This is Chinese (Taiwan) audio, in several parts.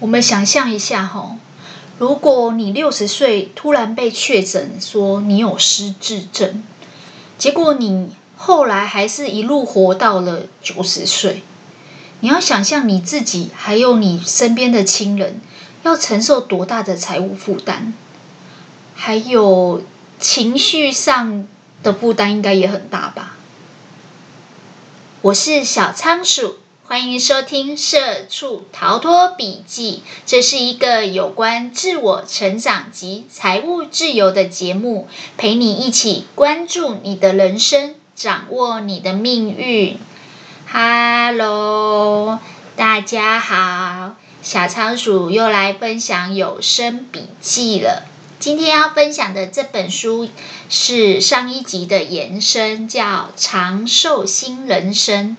我們想象一下哦，如果你六十歲突然被確診說你有失智症，結果你後來還是一路活到了九十歲，你要想象你自己還有你身邊的親人要承受多大的財務負擔，還有情緒上的負擔應該也很大吧？我是小倉鼠。歡迎收聽《社畜逃脫筆記》，這是一個有關自我成長及財務自由的節目，陪你一起關注你的人生，掌握你的命運。Hello，大家好，小倉鼠又來分享有聲筆記了。今天要分享的這本書是上一集的延伸，叫《長壽新人生》。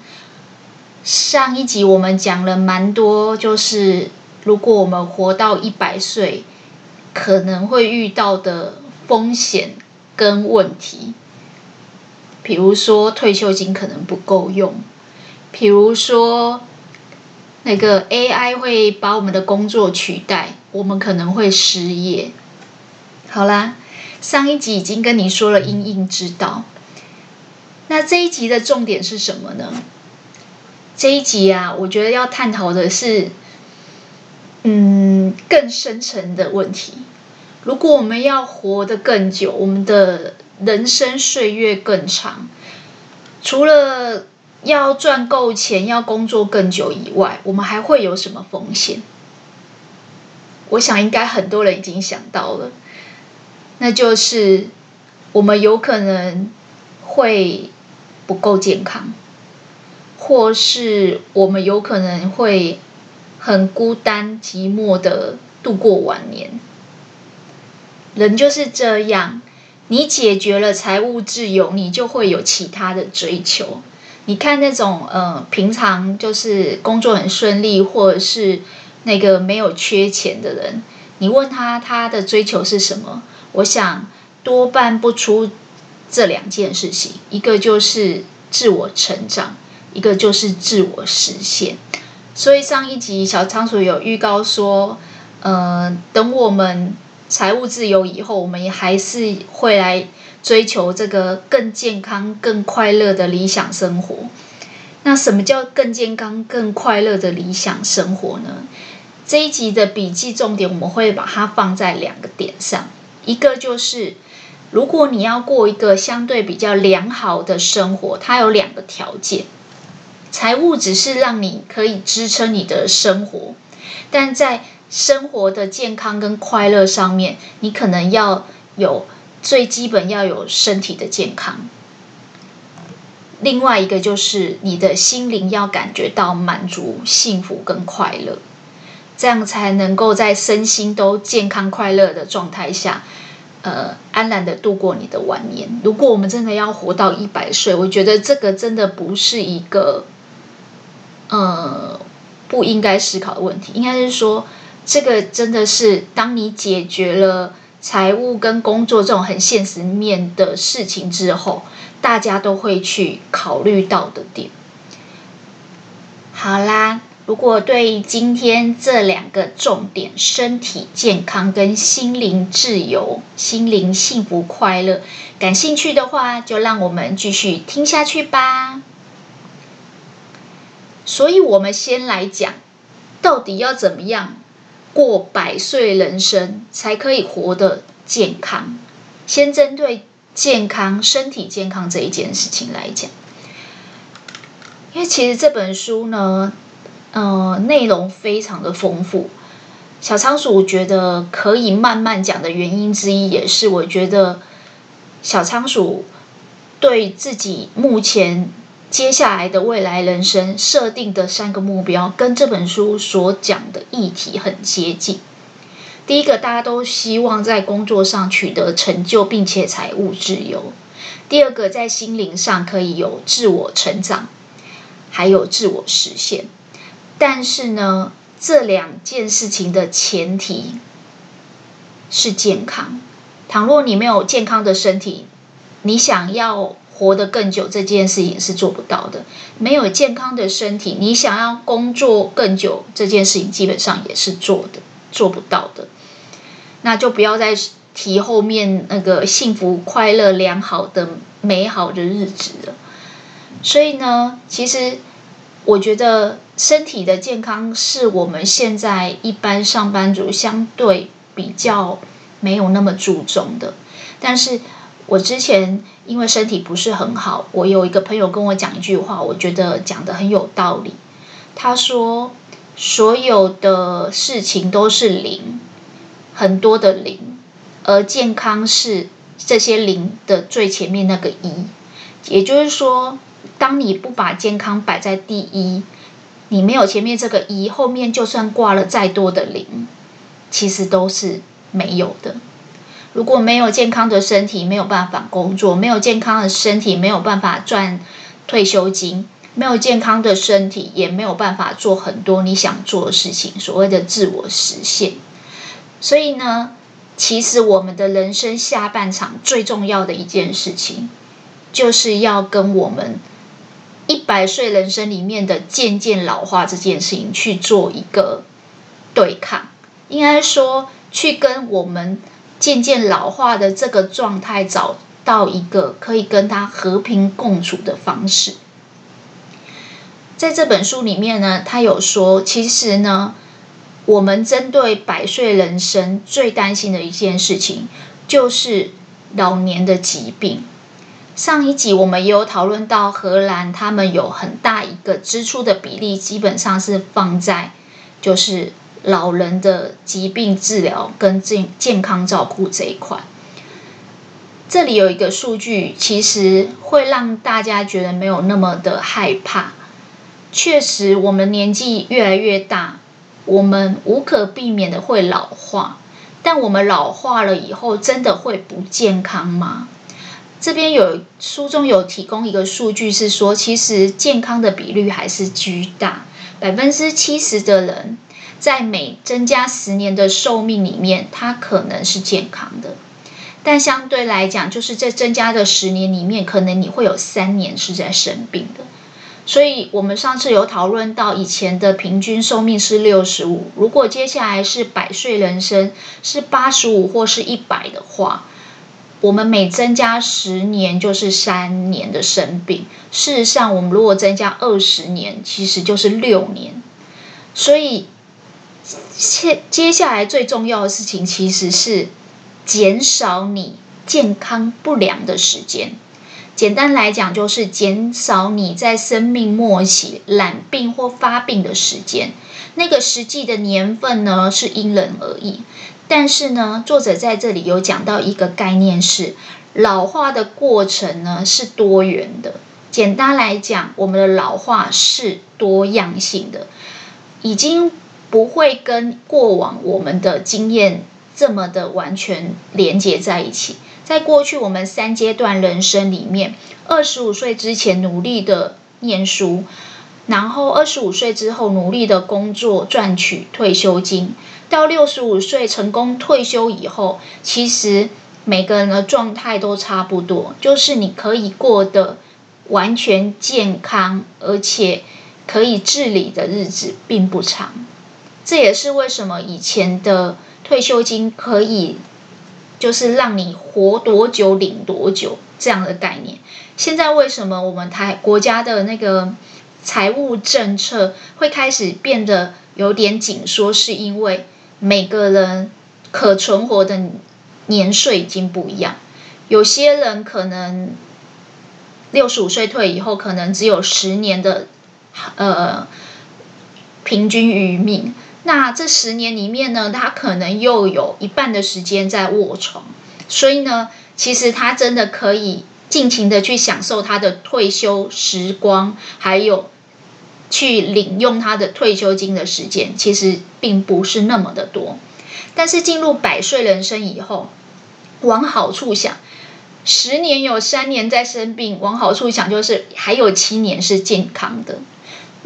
上一集我們講了蠻多，就是如果我們活到一百歲，可能會遇到的風險跟問題，比如說退休金可能不夠用，比如說那個 AI 會把我們的工作取代，我們可能會失業。好啦，上一集已經跟你說了，因應之道。那這一集的重點是什麼呢？這一集啊，我覺得要探討的是，嗯，更深層的問題。如果我們要活得更久，我們的人生歲月更長，除了要賺夠錢、要工作更久以外，我們還會有什麼風險？我想，應該很多人已經想到了，那就是我們有可能會不夠健康。或是我們有可能會很孤單、寂寞的度過晚年。人就是這樣，你解決了財務自由，你就會有其他的追求。你看那種呃，平常就是工作很順利，或者是那個沒有缺錢的人，你問他，他的追求是什麼？我想多半不出這兩件事情，一個就是自我成長。一個就是自我實現，所以上一集小倉鼠有預告說，呃，等我們財務自由以後，我們也還是會來追求這個更健康、更快樂的理想生活。那什麼叫更健康、更快樂的理想生活呢？這一集的筆記重點，我們會把它放在兩個點上。一個就是，如果你要過一個相對比較良好的生活，它有兩個條件。財務只是讓你可以支撐你的生活，但在生活的健康跟快樂上面，你可能要有最基本要有身體的健康。另外一個就是你的心靈要感覺到滿足、幸福跟快樂，這樣才能夠在身心都健康快樂的狀態下，呃，安然的度過你的晚年。如果我們真的要活到一百歲，我覺得這個真的不是一個。呃、嗯，不應該思考的問題，應該是說，這個真的是當你解決了財務跟工作這種很現實面的事情之後，大家都會去考慮到的點。好啦，如果對今天這兩個重點——身體健康跟心靈自由、心靈幸福快樂——感興趣的話，就讓我們繼續聽下去吧。所以，我們先來講，到底要怎麼樣過百歲人生才可以活得健康？先針對健康、身體健康這一件事情來講。因為其實這本書呢，呃，內容非常的豐富。小倉鼠我覺得可以慢慢講的原因之一，也是我覺得小倉鼠對自己目前。接下來的未來人生設定的三個目標，跟這本書所講的議題很接近。第一個，大家都希望在工作上取得成就，並且財務自由；第二個，在心靈上可以有自我成長，還有自我實現。但是呢，這兩件事情的前提是健康。倘若你沒有健康的身體，你想要。活得更久這件事情是做不到的，沒有健康的身體，你想要工作更久這件事情基本上也是做的做不到的。那就不要再提後面那個幸福、快樂、良好的、美好的日子了。所以呢，其實我覺得身體的健康是我們現在一般上班族相對比較沒有那麼注重的。但是我之前，因為身體不是很好，我有一個朋友跟我講一句話，我覺得講的很有道理。他說：“所有的事情都是零，很多的零，而健康是這些零的最前面那個一。也就是說，當你不把健康擺在第一，你沒有前面這個一，後面就算掛了再多的零，其實都是沒有的。”如果沒有健康的身體，沒有辦法工作；沒有健康的身體，沒有辦法賺退休金；沒有健康的身體，也沒有辦法做很多你想做的事情。所謂的自我實現。所以呢，其實我們的人生下半場最重要的一件事情，就是要跟我們一百歲人生裡面的漸漸老化這件事情去做一個對抗。應該說去跟我們。漸漸老化的這個狀態，找到一個可以跟他和平共處的方式。在這本書裡面呢，他有說，其實呢，我們針對百歲人生最擔心的一件事情，就是老年的疾病。上一集我們也有討論到，荷蘭他們有很大一個支出的比例，基本上是放在就是。老人的疾病治療跟健健康照顧這一塊，這裡有一個數據，其實會讓大家覺得沒有那麼的害怕。確實，我們年紀越來越大，我們無可避免的會老化，但我們老化了以後，真的會不健康嗎？這邊有書中有提供一個數據，是說其實健康的比率還是巨大70，百分之七十的人。在每增加十年的壽命裡面，它可能是健康的，但相對來講，就是在增加的十年裡面，可能你會有三年是在生病的。所以，我們上次有討論到，以前的平均壽命是六十五，如果接下來是百歲人生，是八十五或是一百的話，我們每增加十年就是三年的生病。事實上，我們如果增加二十年，其實就是六年。所以。接接下來最重要的事情其實是減少你健康不良的時間。簡單來講，就是減少你在生命末期染病或發病的時間。那個實際的年份呢，是因人而異。但是呢，作者在這裡有講到一個概念是，老化的過程呢是多元的。簡單來講，我們的老化是多樣性的，已經。不會跟過往我們的經驗這麼的完全連接在一起。在過去，我們三階段人生裡面，二十五歲之前努力的念書，然後二十五歲之後努力的工作賺取退休金，到六十五歲成功退休以後，其實每個人的狀態都差不多，就是你可以過得完全健康，而且可以自理的日子並不長。這也是為什麼以前的退休金可以，就是讓你活多久領多久這樣的概念。現在為什麼我們台國家的那個財務政策會開始變得有點緊縮？是因為每個人可存活的年歲已經不一樣，有些人可能六十五歲退以後，可能只有十年的呃平均餘命。那這十年裡面呢，他可能又有一半的時間在臥床，所以呢，其實他真的可以盡情的去享受他的退休時光，還有去領用他的退休金的時間，其實並不是那麼的多。但是進入百歲人生以後，往好處想，十年有三年在生病，往好處想就是還有七年是健康的。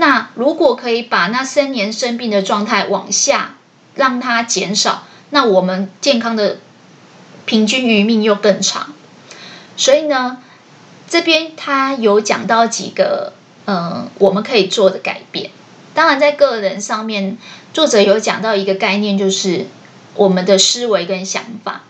那如果可以把那三年生病的狀態往下，讓它減少，那我們健康的平均餘命又更長。所以呢，這邊他有講到幾個嗯、呃，我們可以做的改變。當然，在個人上面，作者有講到一個概念，就是我們的思維跟想法。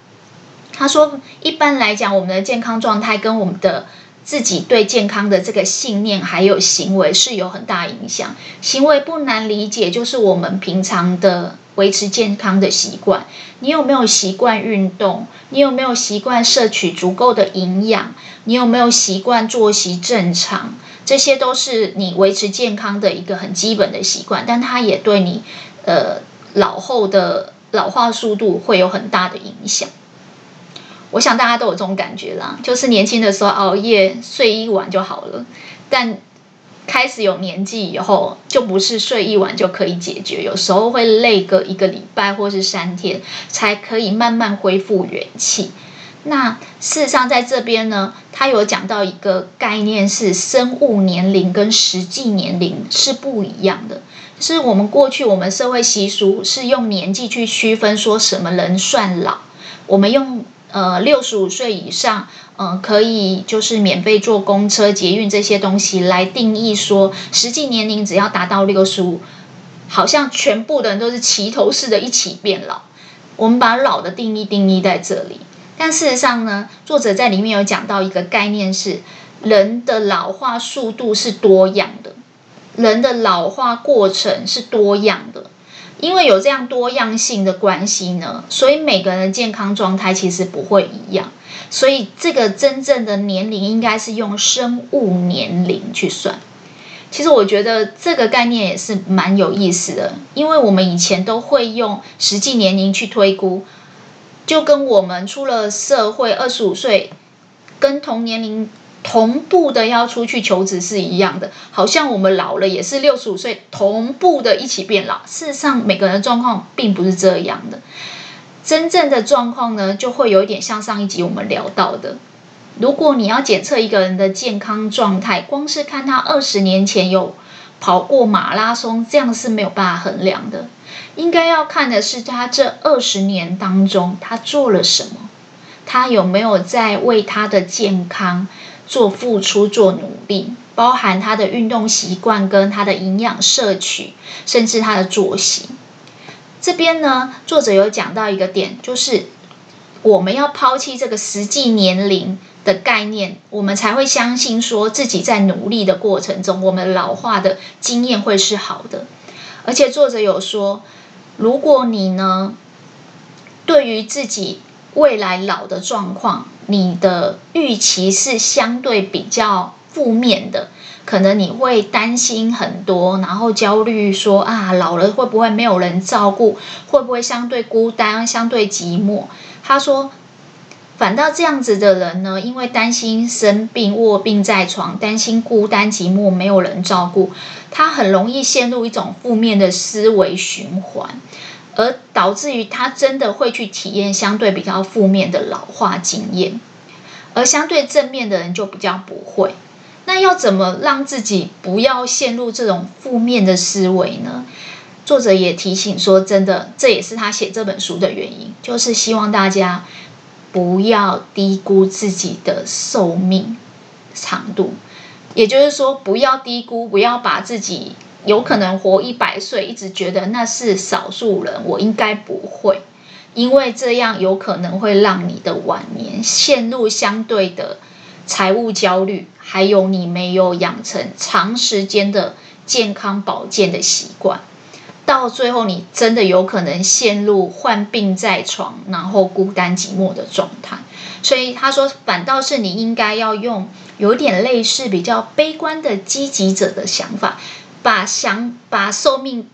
他說，一般來講，我們的健康狀態跟我們的。自己對健康的這個信念還有行為是有很大影響。行為不難理解，就是我們平常的維持健康的習慣。你有沒有習慣運動？你有沒有習慣攝取足夠的營養？你有沒有習慣作息正常？這些都是你維持健康的一個很基本的習慣，但它也對你，呃，老後的老化速度會有很大的影響。我想大家都有這種感覺啦，就是年輕的時候熬夜睡一晚就好了，但開始有年紀以後，就不是睡一晚就可以解決，有時候會累個一個禮拜或是三天，才可以慢慢恢復元氣。那事實上，在這邊呢，他有講到一個概念，是生物年齡跟實際年齡是不一樣的。就是我們過去我們社會習俗是用年紀去區分，說什麼人算老，我們用。呃，六十五歲以上，嗯、呃，可以就是免費坐公車、捷運這些東西來定義說，實際年齡只要達到六十五，好像全部的人都是齊頭式的一起變老。我們把老的定義定義在這裡，但事實上呢，作者在裡面有講到一個概念是，人的老化速度是多樣的，人的老化過程是多樣的。因為有這樣多樣性的關係呢，所以每個人的健康狀態其實不會一樣。所以這個真正的年齡應該是用生物年齡去算。其實我覺得這個概念也是蠻有意思的，因為我們以前都會用實際年齡去推估，就跟我們出了社會二十五歲，跟同年齡。同步的要出去求職是一樣的，好像我們老了也是六十五歲，同步的一起變老。事實上，每個人的狀況並不是這樣的。真正的狀況呢，就會有一點像上一集我們聊到的。如果你要檢測一個人的健康狀態，光是看他二十年前有跑過馬拉松，這樣是沒有辦法衡量的。應該要看的是他這二十年當中他做了什麼，他有沒有在為他的健康。做付出、做努力，包含他的運動習慣、跟他的營養攝取，甚至他的作息。這邊呢，作者有講到一個點，就是我們要拋棄這個實際年齡的概念，我們才會相信說，自己在努力的過程中，我們老化的經驗會是好的。而且作者有說，如果你呢，對於自己，未來老的狀況，你的預期是相對比較負面的，可能你會擔心很多，然後焦慮說啊，老了會不會沒有人照顧，會不會相對孤單、相對寂寞？他說，反倒這樣子的人呢，因為擔心生病、臥病在床，擔心孤單寂寞沒有人照顧，他很容易陷入一種負面的思維循環。而導致於他真的會去體驗相對比較負面的老化經驗，而相對正面的人就比較不會。那要怎麼讓自己不要陷入這種負面的思維呢？作者也提醒說，真的這也是他寫這本書的原因，就是希望大家不要低估自己的壽命長度，也就是說，不要低估，不要把自己。有可能活一百歲，一直覺得那是少數人，我應該不會，因為這樣有可能會讓你的晚年陷入相對的財務焦慮，還有你沒有養成長時間的健康保健的習慣，到最後你真的有可能陷入患病臥床，然後孤單寂寞的狀態。所以他說，反倒是你應該要用有點類似比較悲觀的積極者的想法。把想把壽命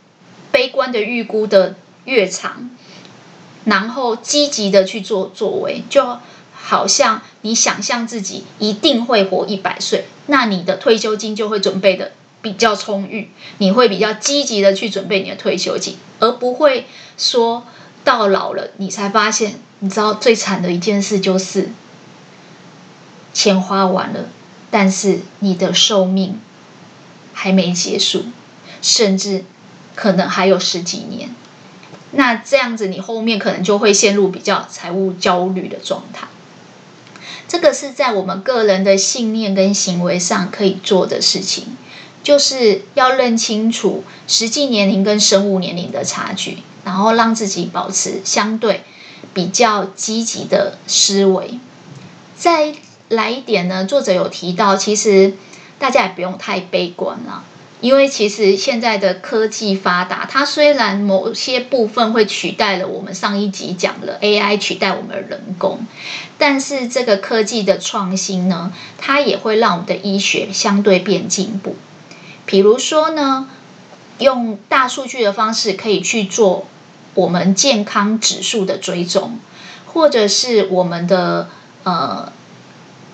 悲觀的預估的越長，然後積極的去做作為，就好像你想象自己一定會活一百歲，那你的退休金就會準備的比較充裕，你會比較積極的去準備你的退休金，而不會說到老了你才發現，你知道最慘的一件事就是錢花完了，但是你的壽命。還沒結束，甚至可能還有十幾年。那這樣子，你後面可能就會陷入比較財務焦慮的狀態。這個是在我們個人的信念跟行為上可以做的事情，就是要認清楚實際年齡跟生物年齡的差距，然後讓自己保持相對比較積極的思維。再來一點呢，作者有提到，其實。大家也不用太悲觀了，因為其實現在的科技發達，它雖然某些部分會取代了我們上一集講了 AI 取代我們人工，但是這個科技的創新呢，它也會讓我們的醫學相對變進步。比如說呢，用大數據的方式可以去做我們健康指數的追蹤，或者是我們的呃，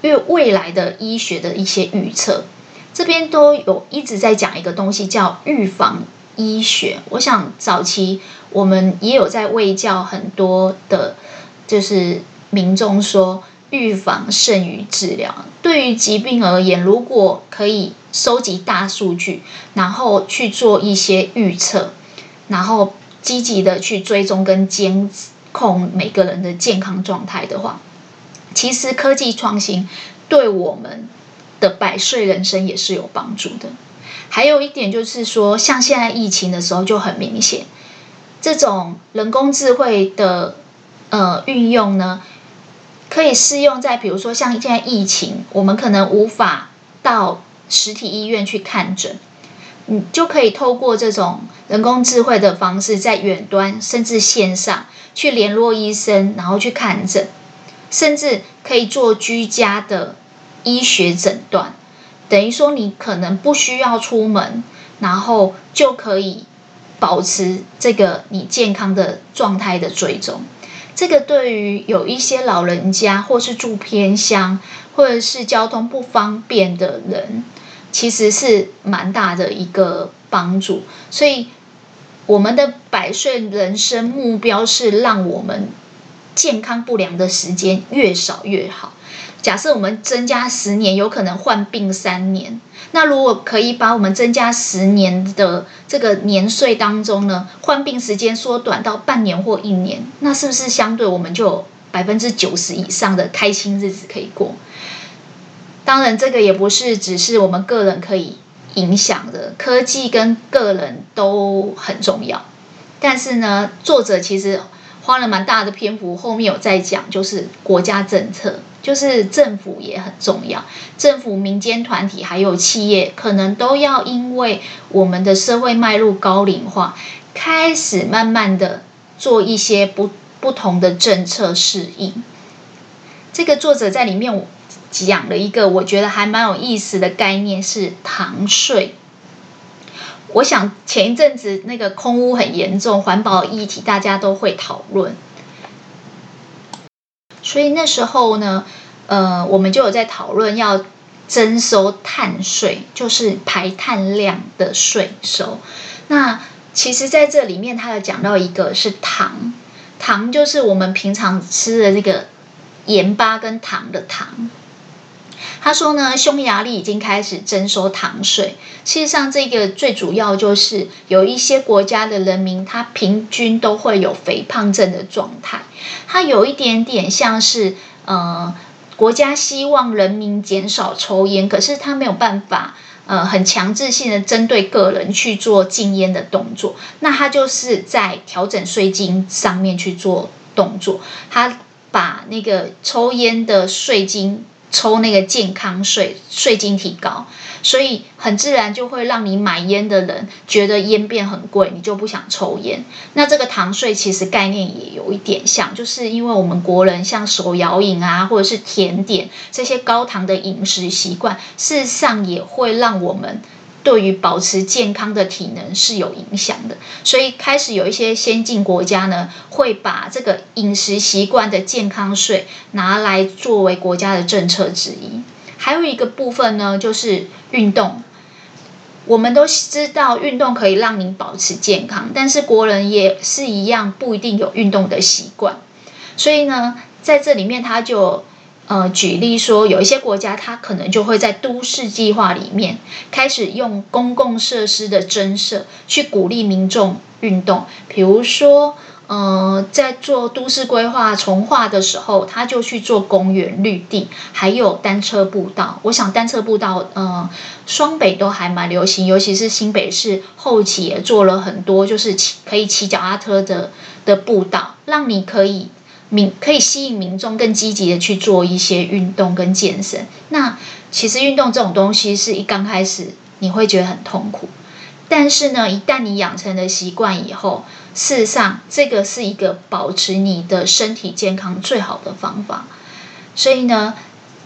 越未來的醫學的一些預測。這邊都有一直在講一個東西叫預防醫學。我想早期我們也有在衛教很多的，就是民眾說預防勝於治療。對於疾病而言，如果可以收集大數據，然後去做一些預測，然後積極的去追蹤跟監控每個人的健康狀態的話，其實科技創新對我們。的百歲人生也是有幫助的。還有一點就是說，像現在疫情的時候，就很明顯，這種人工智慧的呃運用呢，可以適用在比如說像現在疫情，我們可能無法到實體醫院去看診，嗯，就可以透過這種人工智慧的方式在遠端甚至線上去聯絡醫生，然後去看診，甚至可以做居家的。醫學診斷等於說，你可能不需要出門，然後就可以保持這個你健康的狀態的追蹤。這個對於有一些老人家，或是住偏鄉，或者是交通不方便的人，其實是蠻大的一個幫助。所以，我們的百歲人生目標是讓我們健康不良的時間越少越好。假設我們增加十年，有可能患病三年。那如果可以把我們增加十年的這個年歲當中呢，患病時間縮短到半年或一年，那是不是相對我們就有百分之九十以上的開心日子可以過？當然，這個也不是只是我們個人可以影響的，科技跟個人都很重要。但是呢，作者其實花了蠻大的篇幅，後面有在講，就是國家政策。就是政府也很重要，政府、民間團體還有企業，可能都要因為我們的社會邁入高齡化，開始慢慢的做一些不不同的政策適應。這個作者在裡面講了一個我覺得還蠻有意思的概念，是糖稅。我想前一陣子那個空污很嚴重，環保議題大家都會討論。所以那時候呢，呃，我們就有在討論要徵收碳稅，就是排碳量的稅收。那其實在這裡面，它有講到一個是糖，糖就是我們平常吃的那個鹽巴跟糖的糖。他說呢，匈牙利已經開始徵收糖稅。事實上，這個最主要就是有一些國家的人民，他平均都會有肥胖症的狀態。他有一點點像是，呃，國家希望人民減少抽菸，可是他沒有辦法，呃，很強制性的針對個人去做禁菸的動作。那他就是在調整稅金上面去做動作，他把那個抽菸的稅金。抽那個健康稅，稅金提高，所以很自然就會讓你買煙的人覺得煙變很貴，你就不想抽煙。那這個糖稅其實概念也有一點像，就是因為我們國人像手搖飲啊，或者是甜點，這些高糖的飲食習慣，事實上也會讓我們。對於保持健康的體能是有影響的，所以開始有一些先進國家呢，會把這個飲食習慣的健康稅拿來作為國家的政策之一。還有一個部分呢，就是運動。我們都知道運動可以讓您保持健康，但是國人也是一樣，不一定有運動的習慣，所以呢，在這裡面他就。呃，舉例說，有一些國家，它可能就會在都市計劃裡面開始用公共設施的增設，去鼓勵民眾運動。比如說，呃，在做都市規劃重劃的時候，他就去做公園綠地，還有單車步道。我想，單車步道，嗯、呃，雙北都還蠻流行，尤其是新北市後期也做了很多，就是騎可以騎腳踏車的的步道，讓你可以。民可以吸引民眾更積極的去做一些運動跟健身。那其實運動這種東西是一剛開始你會覺得很痛苦，但是呢，一旦你養成了習慣以後，事實上這個是一個保持你的身體健康最好的方法。所以呢，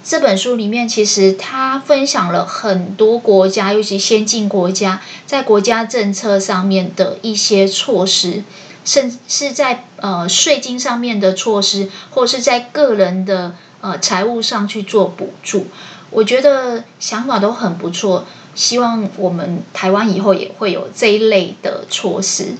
這本書裡面其實他分享了很多國家，尤其先進國家在國家政策上面的一些措施。甚至是在呃稅金上面的措施，或是在個人的呃財務上去做補助，我覺得想法都很不錯。希望我們台灣以後也會有這一類的措施。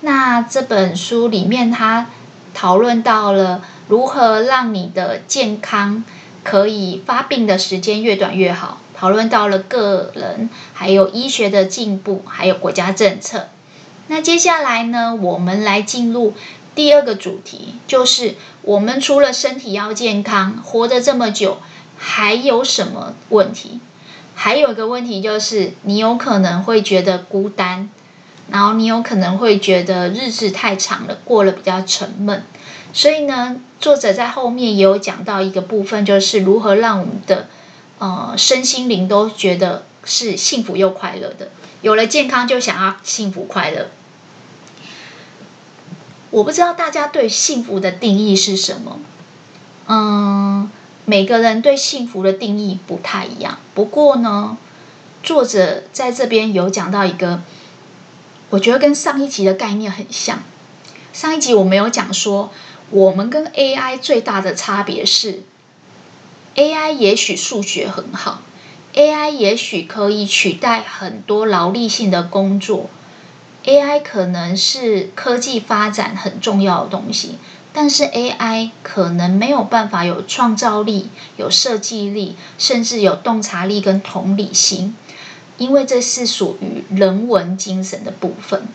那這本書裡面，它討論到了如何讓你的健康可以發病的時間越短越好，討論到了個人，還有醫學的進步，還有國家政策。那接下來呢，我們來進入第二個主題，就是我們除了身體要健康，活得這麼久，還有什麼問題？還有一個問題就是，你有可能會覺得孤單，然後你有可能會覺得日子太長了，過了比較沉悶。所以呢，作者在後面也有講到一個部分，就是如何讓我們的呃身心靈都覺得是幸福又快樂的。有了健康，就想要幸福快樂。我不知道大家對幸福的定義是什麼？嗯，每個人對幸福的定義不太一樣。不過呢，作者在這邊有講到一個，我覺得跟上一集的概念很像。上一集我沒有講說，我們跟 AI 最大的差別是，AI 也許數學很好。AI 也許可以取代很多勞力性的工作，AI 可能是科技發展很重要的東西，但是 AI 可能沒有辦法有創造力、有設計力，甚至有洞察力跟同理心，因為這是屬於人文精神的部分。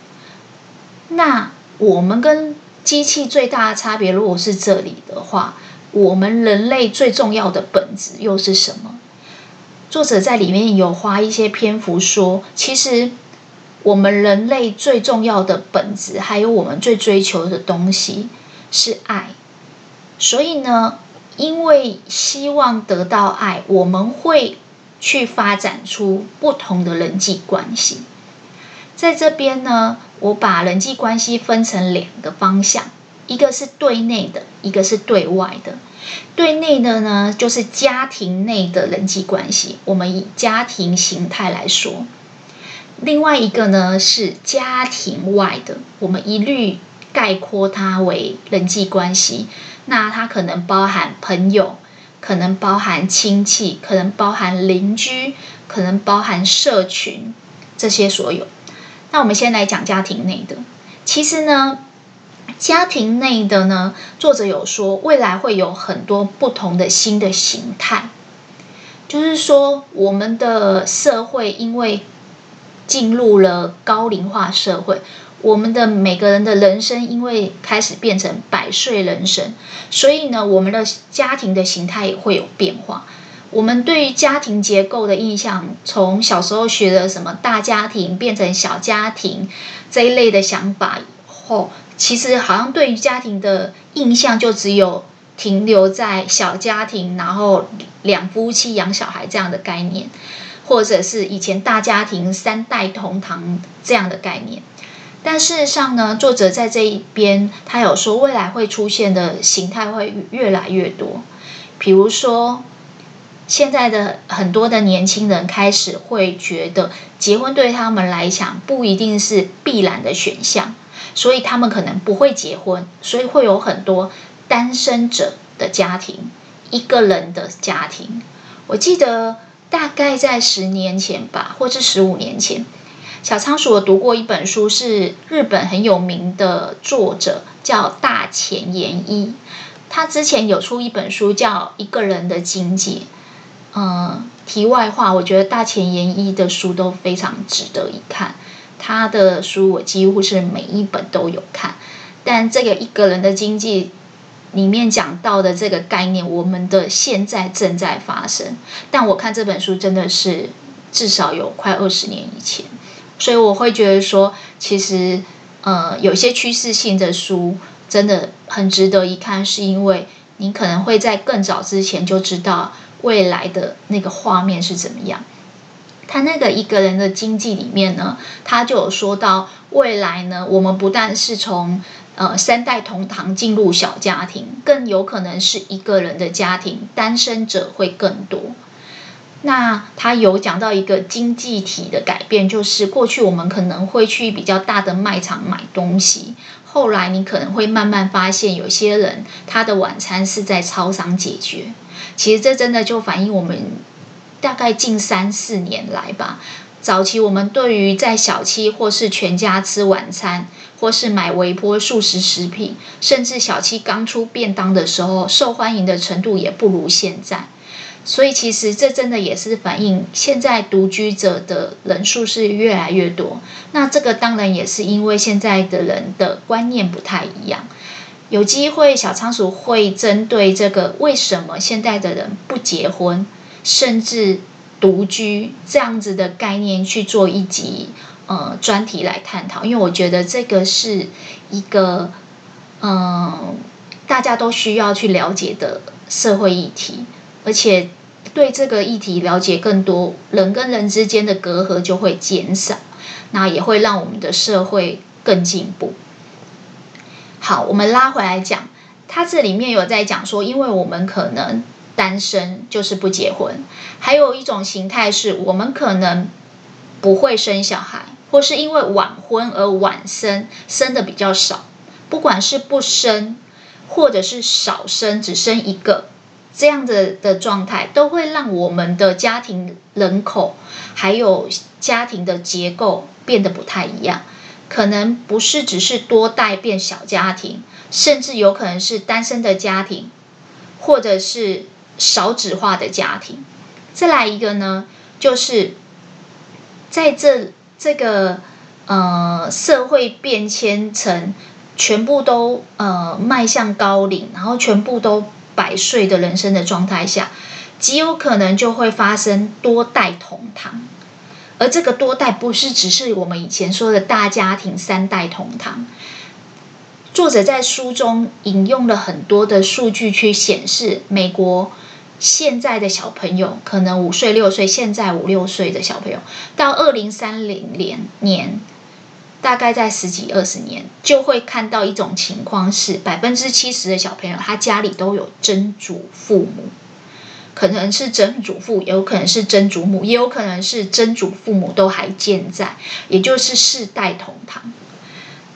那我們跟機器最大的差別，如果是這裡的話，我們人類最重要的本質又是什麼？作者在裡面有花一些篇幅說，其實我們人類最重要的本質，還有我們最追求的東西是愛。所以呢，因為希望得到愛，我們會去發展出不同的人際關係。在這邊呢，我把人際關係分成兩個方向。一個是對內的，一個是對外的。對內的呢，就是家庭內的人際關係，我們以家庭型態來說；另外一個呢是家庭外的，我們一律概括它為人際關係。那它可能包含朋友，可能包含親戚，可能包含鄰居，可能包含社群，這些所有。那我們先來講家庭內的，其實呢。家庭內的呢，作者有說未來會有很多不同的新的形態，就是說我們的社會因為進入了高齡化社會，我們的每個人的人生因為開始變成百歲人生，所以呢，我們的家庭的形態也會有變化。我們對於家庭結構的印象，從小時候學的什麼大家庭變成小家庭這一類的想法以後。其實好像對於家庭的印象，就只有停留在小家庭，然後兩夫妻養小孩這樣的概念，或者是以前大家庭三代同堂這樣的概念。但事實上呢，作者在這一邊他有說，未來會出現的形態會越來越多。比如說，現在的很多的年輕人開始會覺得，結婚對他們來講不一定是必然的選項。所以他們可能不會結婚，所以會有很多單身者的家庭、一個人的家庭。我記得大概在十年前吧，或是十五年前，小倉鼠我讀過一本書，是日本很有名的作者叫大前研一，他之前有出一本書叫《一個人的經濟》。嗯，題外話，我覺得大前研一的書都非常值得一看。他的書我幾乎是每一本都有看，但這個一個人的經濟裡面講到的這個概念，我們的現在正在發生。但我看這本書真的是至少有快二十年以前，所以我會覺得說，其實呃有些趨勢性的書真的很值得一看，是因為你可能會在更早之前就知道未來的那個畫面是怎麼樣。他那個一個人的經濟裡面呢，他就有說到未來呢，我們不但是從呃三代同堂進入小家庭，更有可能是一個人的家庭，單身者會更多。那他有講到一個經濟體的改變，就是過去我們可能會去比較大的賣場買東西，後來你可能會慢慢發現，有些人他的晚餐是在超商解決。其實這真的就反映我們。大概近三四年來吧，早期我們對於在小七或是全家吃晚餐，或是買微波速食食品，甚至小七剛出便當的時候，受歡迎的程度也不如現在。所以其實這真的也是反映現在獨居者的人數是越來越多。那這個當然也是因為現在的人的觀念不太一樣。有機會小倉鼠會針對這個為什麼現在的人不結婚，甚至獨居這樣子的概念去做一集呃專題來探討，因為我覺得這個是一個嗯、呃、大家都需要去了解的社會議題，而且對這個議題了解更多，人跟人之間的隔閡就會減少，那也會讓我們的社會更進步。好，我們拉回來講，它這裡面有在講說，因為我們可能。單身就是不結婚，還有一種形態是，我們可能不會生小孩，或是因為晚婚而晚生，生得比較少。不管是不生，或者是少生，只生一個這樣子的，的狀態，都會讓我們的家庭人口還有家庭的結構變得不太一樣。可能不是只是多代變小家庭，甚至有可能是單身的家庭，或者是。少子化的家庭。再來一個呢，就是在這這個呃社會變遷層，成全部都呃邁向高齡，然後全部都百歲的人生的狀態下，極有可能就會發生多代同堂。而這個多代，不是只是我們以前說的大家庭三代同堂。作者在書中引用了很多的數據，去顯示美國現在的小朋友，可能五歲、六歲，現在五六歲的小朋友，到二零三零年年，大概在十幾二十年，就會看到一種情況：是百分之七十的小朋友，他家裡都有曾祖父母，可能是曾祖父，也有可能是曾祖母，也有可能是曾祖父母都還健在，也就是世代同堂。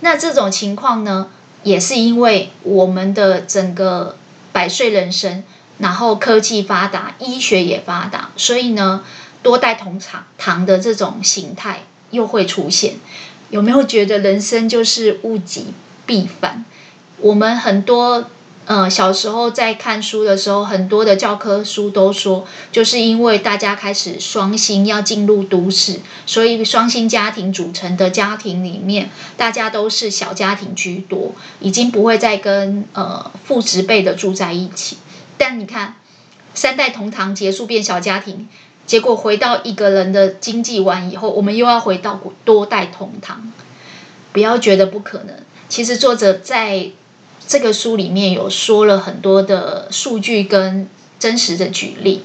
那這種情況呢，也是因為我們的整個百歲人生，然後科技發達，醫學也發達，所以呢，多代同堂的這種形態又會出現。有沒有覺得人生就是物極必反？我們很多。嗯，小時候在看書的時候，很多的教科書都說，就是因為大家開始雙薪要進入都市，所以雙薪家庭組成的家庭裡面，大家都是小家庭居多，已經不會再跟呃父執輩的住在一起。但你看，三代同堂結束變小家庭，結果回到一個人的經濟完以後，我們又要回到多代同堂，不要覺得不可能。其實作者在。這個書裡面有說了很多的數據跟真實的舉例，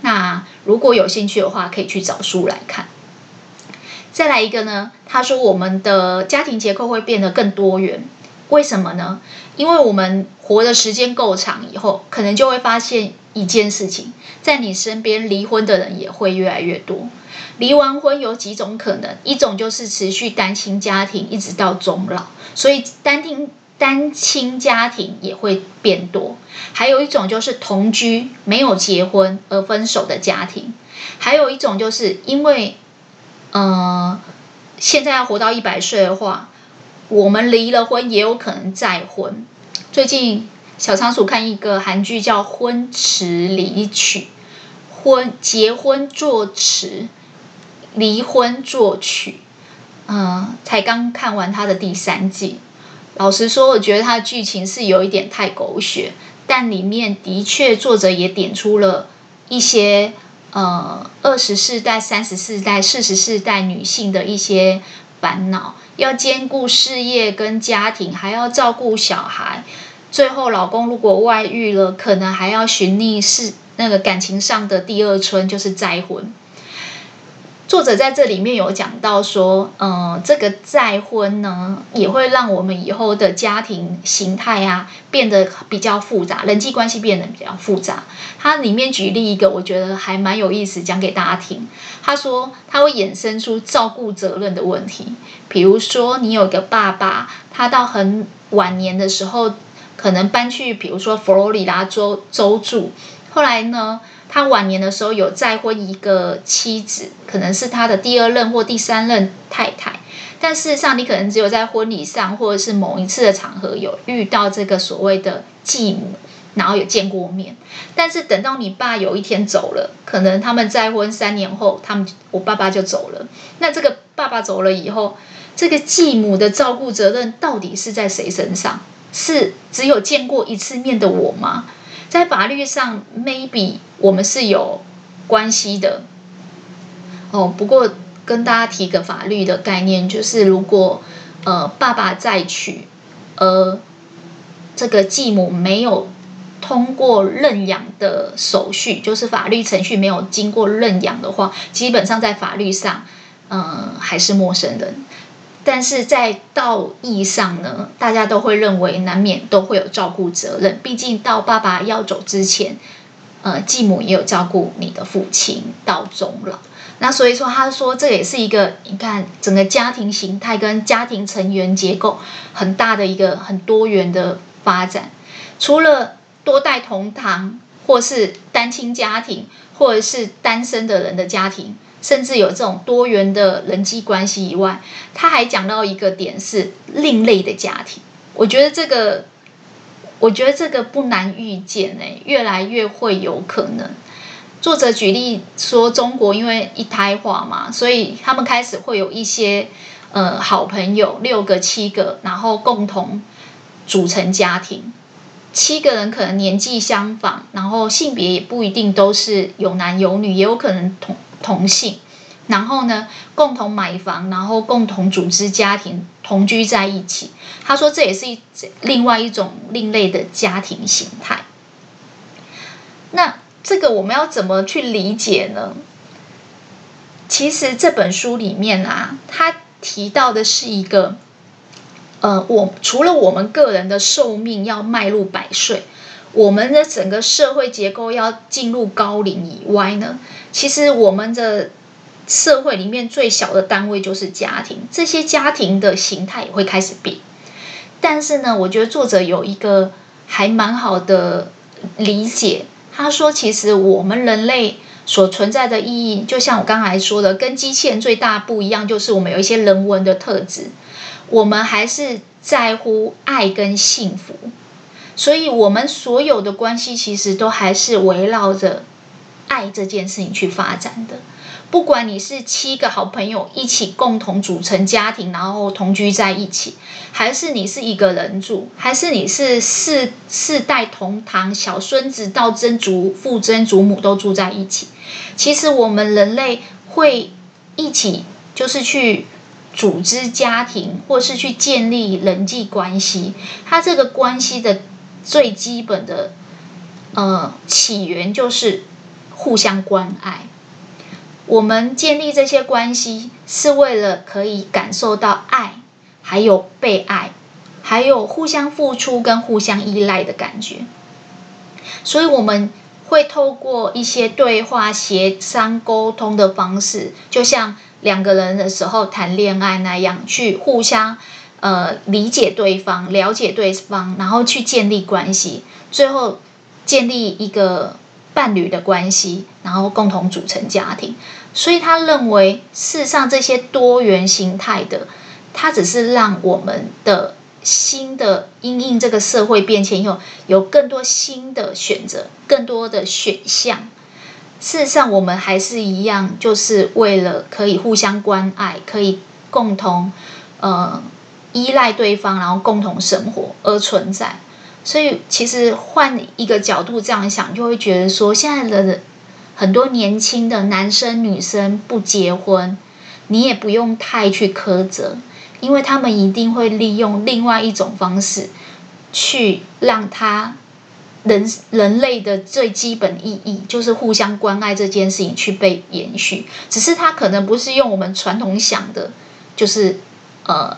那如果有興趣的話，可以去找書來看。再來一個呢，他說我們的家庭結構會變得更多元，為什麼呢？因為我們活的時間夠長以後，可能就會發現一件事情，在你身邊離婚的人也會越來越多。離完婚有幾種可能，一種就是持續單親家庭一直到終老，所以單親。單親家庭也會變多，還有一種就是同居沒有結婚而分手的家庭，還有一種就是因為，嗯、呃，現在要活到一百歲的話，我們離了婚也有可能再婚。最近小倉鼠看一個韓劇叫《婚詞離曲》，婚結婚作詞，離婚作曲，嗯、呃，才剛看完他的第三季。老實說，我覺得它的劇情是有一點太狗血，但裡面的確作者也點出了一些呃、二十世代、三十世代、四十世代女性的一些煩惱，要兼顧事業跟家庭，還要照顧小孩，最後老公如果外遇了，可能還要尋覓是那個感情上的第二春，就是再婚。作者在這裡面有講到說，嗯、呃，這個再婚呢，也會讓我們以後的家庭形態啊變得比較複雜，人際關係變得比較複雜。他裡面舉例一個，我覺得還蠻有意思，講給大家聽。他說，他會衍生出照顧責任的問題，比如說你有一個爸爸，他到很晚年的時候，可能搬去，比如說佛羅里達州州住，後來呢，他晚年的時候有再婚一個妻子，可能是他的第二任或第三任太太。但是事實上，你可能只有在婚禮上或者是某一次的場合有遇到這個所謂的繼母，然後有見過面。但是等到你爸有一天走了，可能他們再婚三年後，他們我爸爸就走了。那這個爸爸走了以後，這個繼母的照顧責任到底是在誰身上？是只有見過一次面的我嗎？在法律上，maybe 我們是有關係的哦。不過跟大家提個法律的概念，就是如果呃爸爸再娶，呃這個繼母沒有通過認養的手續，就是法律程序沒有經過認養的話，基本上在法律上，嗯，呃，還是陌生人。但是在道義上呢，大家都會認為難免都會有照顧責任。畢竟到爸爸要走之前，呃，繼母也有照顧你的父親到終老。那所以說，他說這也是一個，你看整個家庭形態跟家庭成員結構很大的一個很多元的發展。除了多代同堂，或是單親家庭，或者是單身的人的家庭。甚至有這種多元的人際關係以外，他還講到一個點是另類的家庭。我覺得這個，我覺得這個不難預見誒、欸，越來越會有可能。作者舉例說，中國因為一胎化嘛，所以他們開始會有一些呃好朋友，六個七個，然後共同組成家庭。七個人可能年紀相仿，然後性別也不一定，都是有男有女，也有可能同。同性，然後呢，共同買房，然後共同組織家庭，同居在一起。他說，這也是一另外一種另類的家庭形態。那這個我們要怎麼去理解呢？其實這本書裡面啊，他提到的是一個，呃，我除了我們個人的壽命要邁入百歲。我們的整個社會結構要進入高齡以外呢，其實我們的社會裡面最小的單位就是家庭，這些家庭的形態也會開始變。但是呢，我覺得作者有一個還蠻好的理解，他說，其實我們人類所存在的意義，就像我剛才說的，跟機器人最大不一樣，就是我們有一些人文的特質，我們還是在乎愛跟幸福。所以，我們所有的關係其實都還是圍繞着愛這件事情去發展的。不管你是七個好朋友一起共同組成家庭，然後同居在一起，還是你是一個人住，還是你是四四代同堂，小孫子到曾祖父、曾祖母都住在一起，其實我們人類會一起就是去組織家庭，或是去建立人際關係。它這個關係的。最基本的，呃，起源就是互相關愛。我們建立這些關係，是為了可以感受到愛，還有被愛，還有互相付出跟互相依賴的感覺。所以我們會透過一些對話、協商、溝通的方式，就像兩個人的時候談戀愛那樣，去互相。呃，理解對方，了解對方，然後去建立關係，最後建立一個伴侶的關係，然後共同組成家庭。所以他認為，事實上這些多元形態的，它只是讓我們的新的因應這個社會變遷有，有有更多新的選擇，更多的選項。事實上，我們還是一樣，就是為了可以互相關愛，可以共同呃。依賴對方，然後共同生活而存在。所以，其實換一個角度這樣想，就會覺得說，現在的人很多年輕的男生女生不結婚，你也不用太去苛責，因為他們一定會利用另外一種方式去讓他人人類的最基本意義，就是互相關愛這件事情去被延續。只是他可能不是用我們傳統想的，就是呃。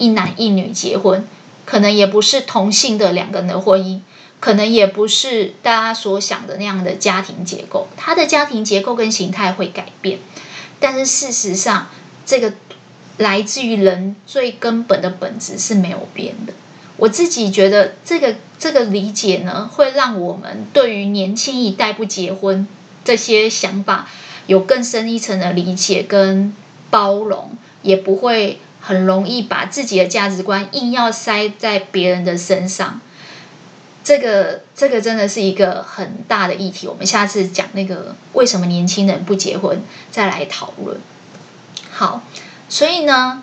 一男一女結婚，可能也不是同性的兩個人的婚姻，可能也不是大家所想的那樣的家庭結構。他的家庭結構跟形態會改變，但是事實上，這個來自於人最根本的本質是沒有變的。我自己覺得，這個這個理解呢，會讓我們對於年輕一代不結婚這些想法有更深一層的理解跟包容，也不會。很容易把自己的價值觀硬要塞在別人的身上，這個這個真的是一個很大的議題。我們下次講那個為什麼年輕人不結婚，再來討論。好，所以呢，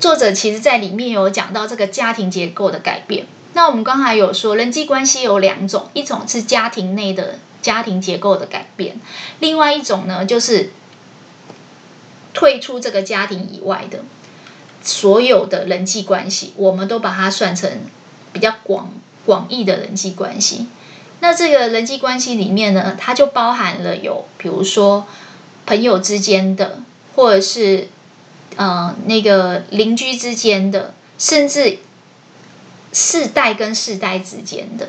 作者其實在裡面有講到這個家庭結構的改變。那我們剛才有說人際關係有兩種，一種是家庭內的家庭結構的改變，另外一種呢就是退出這個家庭以外的。所有的人際關係，我們都把它算成比較廣廣義的人際關係。那這個人際關係裡面呢，它就包含了有，比如說朋友之間的，或者是嗯、呃、那個鄰居之間的，甚至世代跟世代之間的。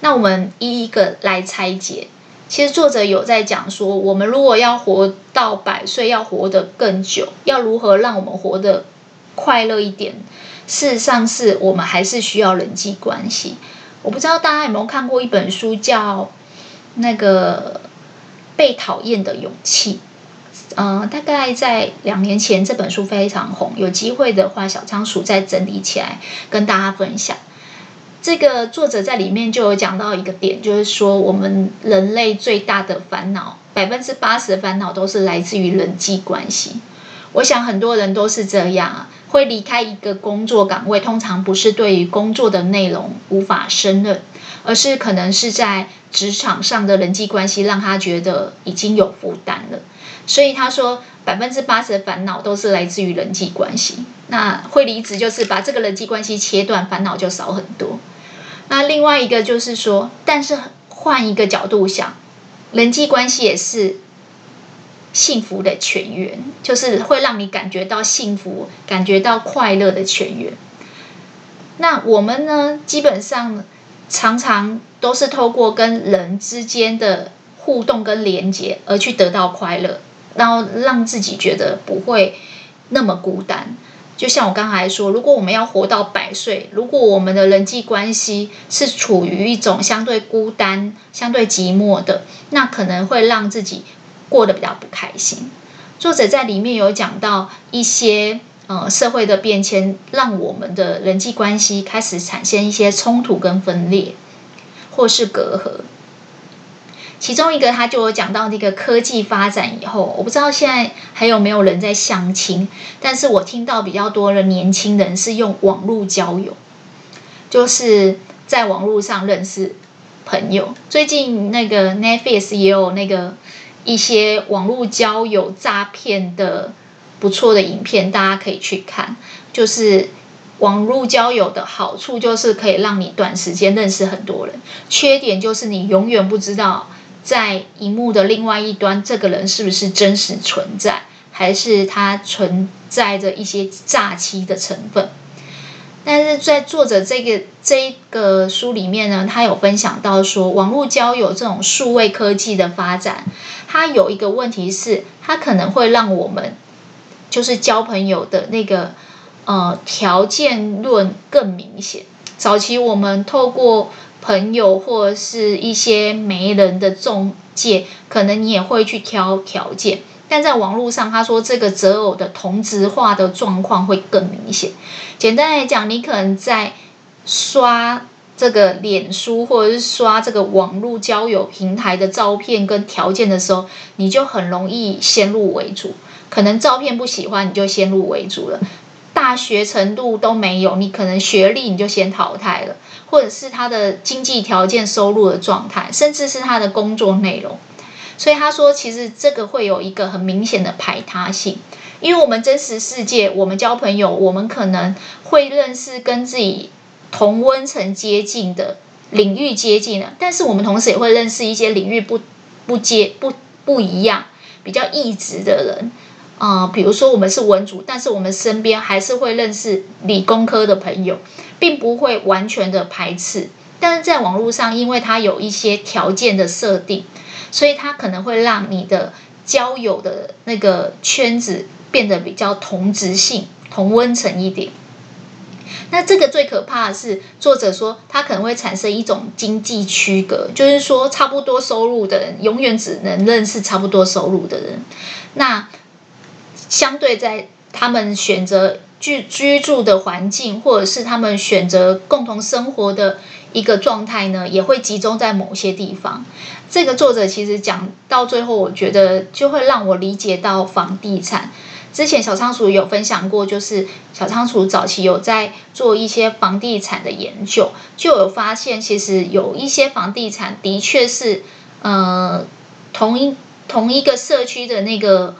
那我們一一個來拆解，其實作者有在講說，我們如果要活到百歲，要活得更久，要如何讓我們活得。快樂一點，事實上是我們還是需要人際關係。我不知道大家有沒有看過一本書，叫《那個被討厭的勇氣》。嗯、呃，大概在兩年前這本書非常紅，有機會的話，小倉鼠再整理起來跟大家分享。這個作者在裡面就有講到一個點，就是說我們人類最大的煩惱，百分之八十的煩惱都是來自於人際關係。我想很多人都是這樣。會離開一個工作崗位，通常不是對於工作的內容無法勝任，而是可能是在職場上的人際關係讓他覺得已經有負擔了。所以他說，百分之八十的煩惱都是來自於人際關係。那會離職就是把這個人際關係切斷，煩惱就少很多。那另外一個就是說，但是換一個角度想，人際關係也是，幸福的泉源，就是會讓你感覺到幸福、感覺到快樂的泉源。那我們呢，基本上常常都是透過跟人之間的互動跟連接，而去得到快樂，然後讓自己覺得不會那麼孤單。就像我剛才說，如果我們要活到百歲，如果我們的人際關係是處於一種相對孤單、相對寂寞的，那可能會讓自己過得比較不開心。作者在裡面有講到一些呃社會的變遷，讓我們的人際關係開始產生一些衝突跟分裂，或是隔閡。其中一個，他就有講到那個科技發展以後，我不知道現在還有沒有人在相親，但是我聽到比較多的年輕人是用網絡交友，就是在網絡上認識朋友。最近那個 Netflix 也有那個。一些網絡交友詐騙的不錯的影片，大家可以去看。就是網絡交友的好處，就是可以讓你短時間認識很多人；缺點就是你永遠不知道在螢幕的另外一端，這個人是不是真實存在，還是他存在着一些詐欺的成分。但是在作者這個這個書裡面呢，他有分享到說，網絡交友這種數位科技的發展，它有一個問題是，它可能會讓我們就是交朋友的那個呃條件論更明顯。早期我們透過朋友或是一些媒人的中介，可能你也會去挑條件。但在網絡上，他說這個擇偶的同質化的狀況會更明顯。簡單來講，你可能在刷這個臉書或者是刷這個網絡交友平台的照片跟條件的時候，你就很容易先入為主。可能照片不喜歡，你就先入為主了；大學程度都沒有，你可能學歷你就先淘汰了；或者是他的經濟條件、收入的狀態，甚至是他的工作內容。所以他說，其實這個會有一個很明顯的排他性，因為我們真實世界，我們交朋友，我們可能會認識跟自己同溫層接近的領域接近的，但是我們同時也會認識一些領域不不接不不一樣、比較異質的人啊、呃，比如說我們是文組，但是我們身邊還是會認識理工科的朋友，並不會完全的排斥，但是在網絡上，因為它有一些條件的設定。所以它可能會讓你的交友的那個圈子變得比較同質性、同溫層一點。那這個最可怕的是，作者說它可能會產生一種經濟區隔，就是說差不多收入的人永遠只能認識差不多收入的人。那相對在他們選擇居居住的環境，或者是他們選擇共同生活的一個狀態呢，也會集中在某些地方。這個作者其實講到最後，我覺得就會讓我理解到房地產。之前小倉鼠有分享過，就是小倉鼠早期有在做一些房地產的研究，就有發現其實有一些房地產的確是，呃，同一同一個社區的那個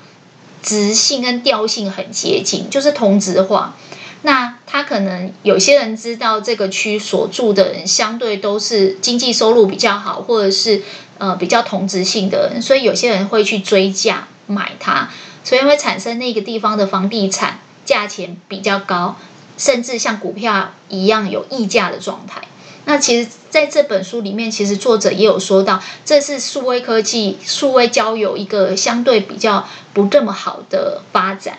質性跟調性很接近，就是同質化。那他可能有些人知道這個區所住的人相對都是經濟收入比較好，或者是。呃，比較同質性的，所以有些人會去追價買它，所以會產生那個地方的房地產價錢比較高，甚至像股票一樣有溢價的狀態。那其實，在這本書裡面，其實作者也有說到，這是數位科技、數位交友一個相對比較不這麼好的發展。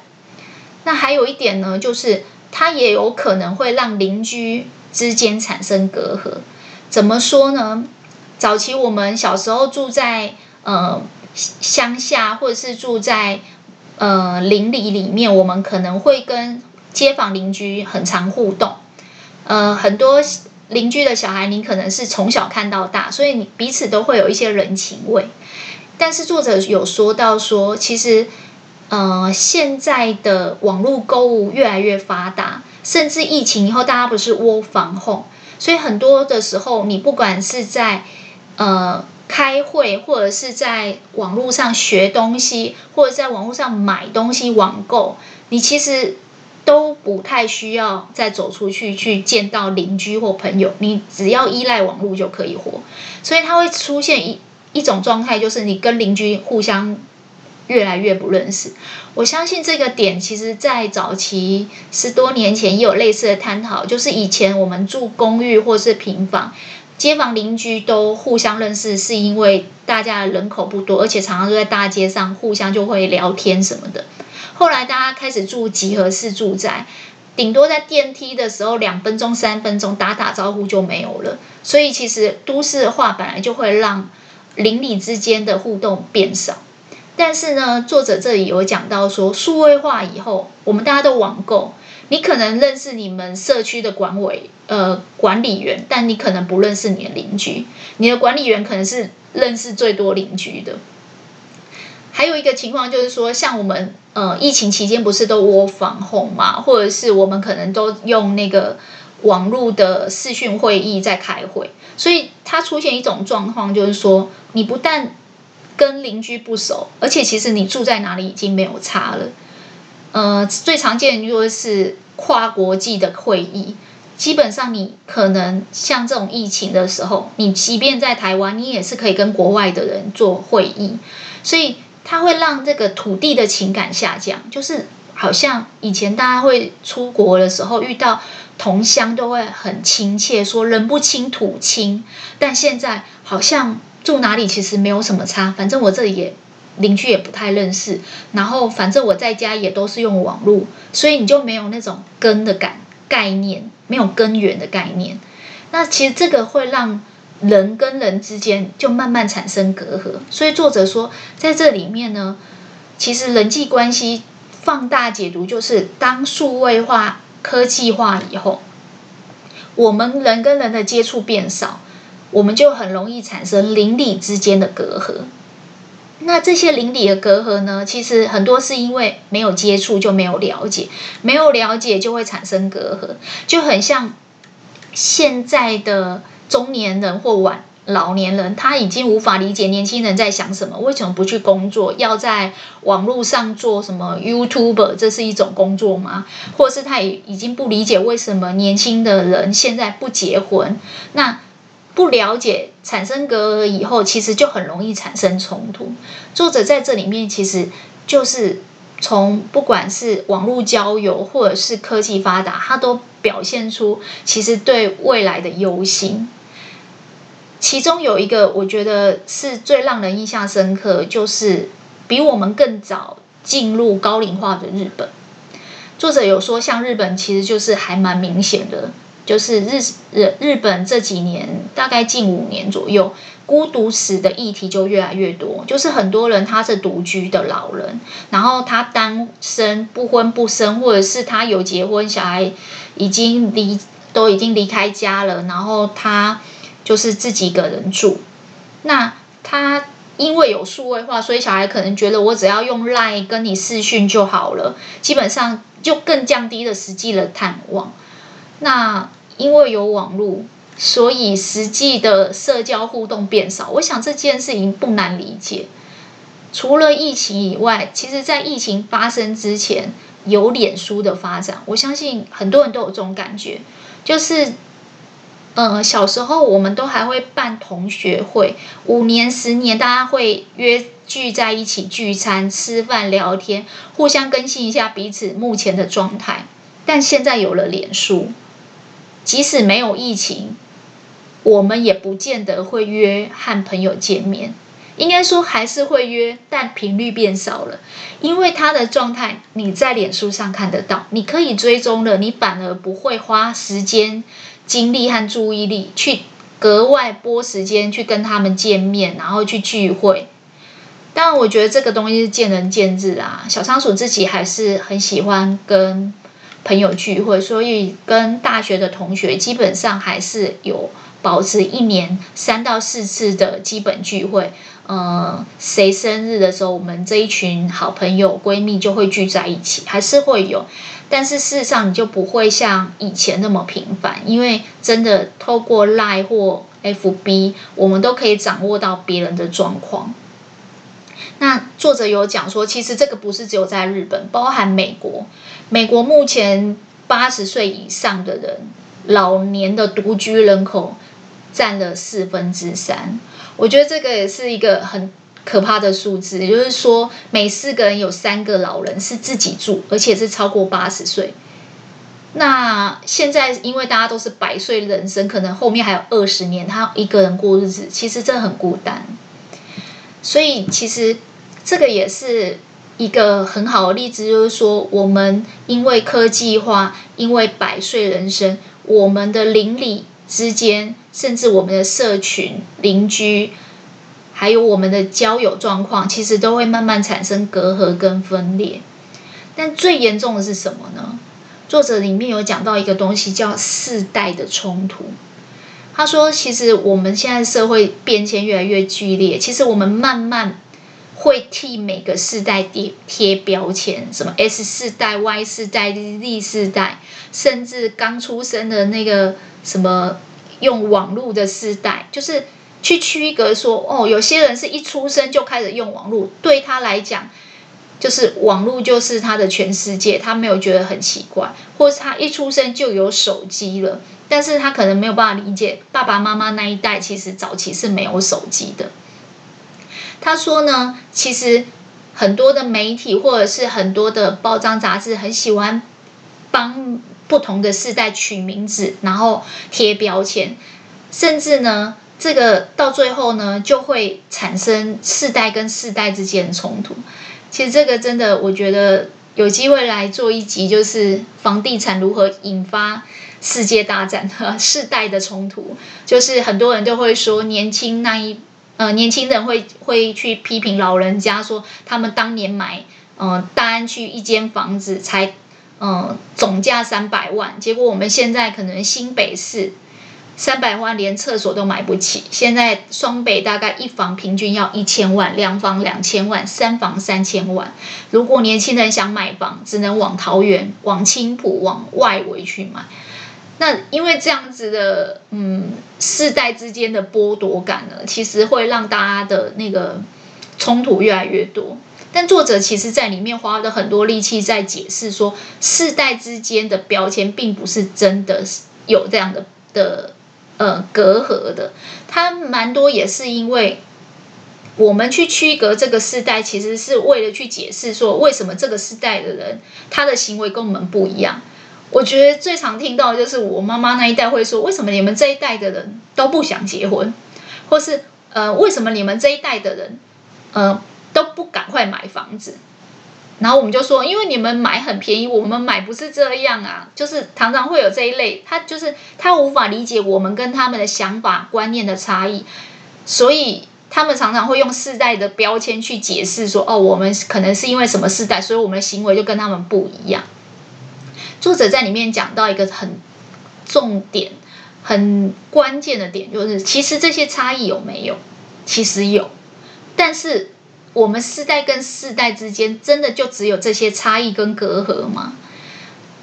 那還有一點呢，就是它也有可能會讓鄰居之間產生隔閡。怎麼說呢？早期我們小時候住在呃鄉下，或者是住在呃鄰里裡面，我們可能會跟街坊鄰居很常互動。呃，很多鄰居的小孩，你可能是從小看到大，所以你彼此都會有一些人情味。但是作者有說到說，其實呃現在的網絡購物越來越發達，甚至疫情以後大家不是窩防控，所以很多的時候你不管是在呃，開會或者是在網絡上學東西，或者在網絡上買東西網購，你其實都不太需要再走出去去見到鄰居或朋友，你只要依賴網絡就可以活。所以它會出現一一種狀態，就是你跟鄰居互相越來越不認識。我相信這個點，其實在早期十多年前也有類似的探討，就是以前我們住公寓或是平房。街坊鄰居都互相認識，是因為大家的人口不多，而且常常都在大街上互相就會聊天什麼的。後來大家開始住集合式住宅，頂多在電梯的時候兩分鐘、三分鐘打打招呼就沒有了。所以其實都市化本來就會讓鄰里之間的互動變少。但是呢，作者這裡有講到說，數位化以後，我們大家都網購。你可能認識你們社區的管委，呃管理員，但你可能不認識你的鄰居。你的管理員可能是認識最多鄰居的。還有一個情況就是說，像我們呃疫情期間不是都窩房後嘛，或者是我們可能都用那個網絡的視訊會議在開會，所以它出現一種狀況，就是說你不但跟鄰居不熟，而且其實你住在哪裡已經沒有差了。呃，最常見就是跨國際的會議，基本上你可能像這種疫情的時候，你即便在台灣，你也是可以跟國外的人做會議，所以它會讓這個土地的情感下降。就是好像以前大家會出國的時候遇到同鄉都會很親切，說人不親土親，但現在好像住哪裡其實沒有什麼差，反正我這裡也。鄰居也不太認識，然後反正我在家也都是用網絡，所以你就沒有那種根的感概念，沒有根源的概念。那其實這個會讓人跟人之間就慢慢產生隔閡。所以作者說，在這裡面呢，其實人際關係放大解讀就是，當數位化、科技化以後，我們人跟人的接觸變少，我們就很容易產生鄰里之間的隔閡。那這些鄰里的隔閡呢？其實很多是因為沒有接觸就沒有了解，沒有了解就會產生隔閡，就很像現在的中年人或晚老年人，他已經無法理解年輕人在想什麼，為什麼不去工作，要在網絡上做什麼 YouTuber？這是一種工作嗎？或者是他也已經不理解為什麼年輕的人現在不結婚？那。不了解產生隔閡以後，其實就很容易產生衝突。作者在這裡面其實就是從不管是網絡交友，或者是科技發達，他都表現出其實對未來的憂心。其中有一個我覺得是最讓人印象深刻，就是比我們更早進入高齡化的日本。作者有說，像日本其實就是還蠻明顯的。就是日日本這幾年大概近五年左右，孤獨死的議題就越來越多。就是很多人他是獨居的老人，然後他單身不婚不生，或者是他有結婚小孩已經離都已經離開家了，然後他就是自己一個人住。那他因為有數位化，所以小孩可能覺得我只要用 LINE 跟你視訊就好了，基本上就更降低了實際的探望。那因為有網絡，所以實際的社交互動變少。我想這件事情不難理解。除了疫情以外，其實，在疫情發生之前，有臉書的發展，我相信很多人都有這種感覺，就是，嗯、呃，小時候我們都還會辦同學會，五年、十年，大家會約聚在一起聚餐、吃飯、聊天，互相更新一下彼此目前的狀態。但現在有了臉書。即使沒有疫情，我們也不見得會約和朋友見面。應該說還是會約，但頻率變少了。因為他的狀態你在臉書上看得到，你可以追蹤了。你反而不會花時間、精力和注意力去格外撥時間去跟他們見面，然後去聚會。但我覺得這個東西是見仁見智啦、啊。小倉鼠自己還是很喜歡跟。朋友聚會，所以跟大學的同學基本上還是有保持一年三到四次的基本聚會。嗯、呃，誰生日的時候，我們這一群好朋友閨蜜就會聚在一起，還是會有。但是事實上，你就不會像以前那麼頻繁，因為真的透過 Line 或 FB，我們都可以掌握到別人的狀況。那作者有講說，其實這個不是只有在日本，包含美國。美國目前八十歲以上的人，老年的獨居人口占了四分之三。我覺得這個也是一個很可怕的數字，也就是說每四個人有三個老人是自己住，而且是超過八十歲。那現在因為大家都是百歲人生，可能後面還有二十年，他一個人過日子，其實這很孤單。所以其實這個也是。一個很好的例子就是說，我們因為科技化，因為百歲人生，我們的鄰里之間，甚至我們的社群鄰居，還有我們的交友狀況，其實都會慢慢產生隔閡跟分裂。但最嚴重的是什麼呢？作者裡面有講到一個東西叫世代的衝突。他說，其實我們現在社會變遷越來越劇烈，其實我們慢慢。會替每個世代貼貼標籤，什麼 S 世代、Y 世代、Z 世代，甚至剛出生的那個什麼用網絡的世代，就是去區隔說哦，有些人是一出生就開始用網絡，對他來講，就是網絡就是他的全世界，他沒有覺得很奇怪，或是他一出生就有手機了，但是他可能沒有辦法理解爸爸媽媽那一代其實早期是沒有手機的。他說呢，其實很多的媒體或者是很多的報章雜誌很喜歡幫不同的世代取名字，然後貼標籤，甚至呢，這個到最後呢，就會產生世代跟世代之間的衝突。其實這個真的，我覺得有機會來做一集，就是房地產如何引發世界大戰和世代的衝突。就是很多人都會說，年輕那一。呃，年輕人會會去批評老人家，說他們當年買，呃、大安區一間房子才，呃總價三百萬，結果我們現在可能新北市三百萬連廁所都買不起，現在雙北大概一房平均要一千萬，兩房兩千萬，三房三千萬。如果年輕人想買房，只能往桃園、往青埔、往外圍去買。那因為這樣子的，嗯，世代之間的剝奪感呢，其實會讓大家的那個衝突越來越多。但作者其實，在裡面花了很多力氣，在解釋說，世代之間的標籤，並不是真的有這樣的的呃隔閡的。他蠻多也是因為，我們去區隔這個世代，其實是為了去解釋說，為什麼這個世代的人，他的行為跟我們不一樣。我覺得最常聽到的就是我媽媽那一代會說：“為什麼你們這一代的人都不想結婚，或是呃為什麼你們這一代的人呃都不趕快買房子？”然後我們就說：“因為你們買很便宜，我們買不是這樣啊。”就是常常會有這一類，他就是他無法理解我們跟他們的想法觀念的差異，所以他們常常會用世代的標籤去解釋說：“哦，我們可能是因為什麼世代，所以我們的行為就跟他們不一樣。”作者在裡面講到一個很重點、很關鍵的點，就是其實這些差異有沒有？其實有，但是我們世代跟世代之間，真的就只有這些差異跟隔閡嗎？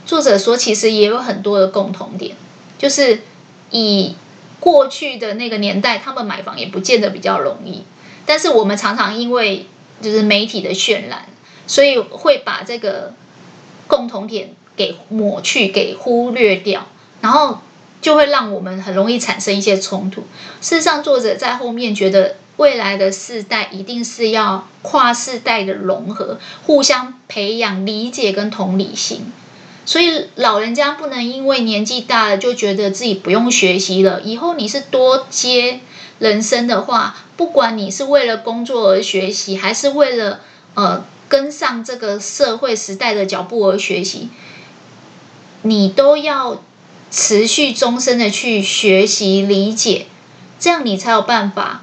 作者說，其實也有很多的共同點，就是以過去的那個年代，他們買房也不見得比較容易，但是我們常常因為就是媒體的渲染，所以會把這個共同點。給抹去、給忽略掉，然後就會讓我們很容易產生一些衝突。事實上，作者在後面覺得，未來的世代一定是要跨世代的融合，互相培養理解跟同理心。所以，老人家不能因為年紀大了就覺得自己不用學習了。以後你是多接人生的話，不管你是為了工作而學習，還是為了呃跟上這個社會時代的腳步而學習。你都要持續終身的去學習理解，這樣你才有辦法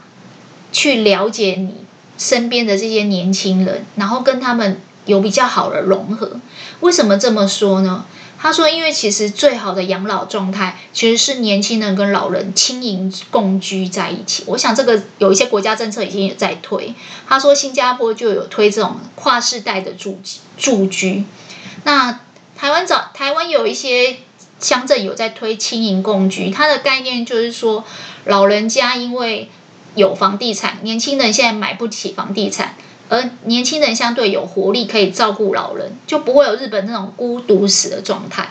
去了解你身邊的這些年輕人，然後跟他們有比較好的融合。為什麼這麼說呢？他說，因為其實最好的養老狀態，其實是年輕人跟老人青銀共居在一起。我想這個有一些國家政策已經也在推。他說，新加坡就有推這種跨世代的住居，住居那，台灣早，台灣有一些鄉鎮有在推青銀共居，它的概念就是說，老人家因為有房地產，年輕人現在買不起房地產，而年輕人相對有活力，可以照顧老人，就不會有日本那種孤獨死的狀態。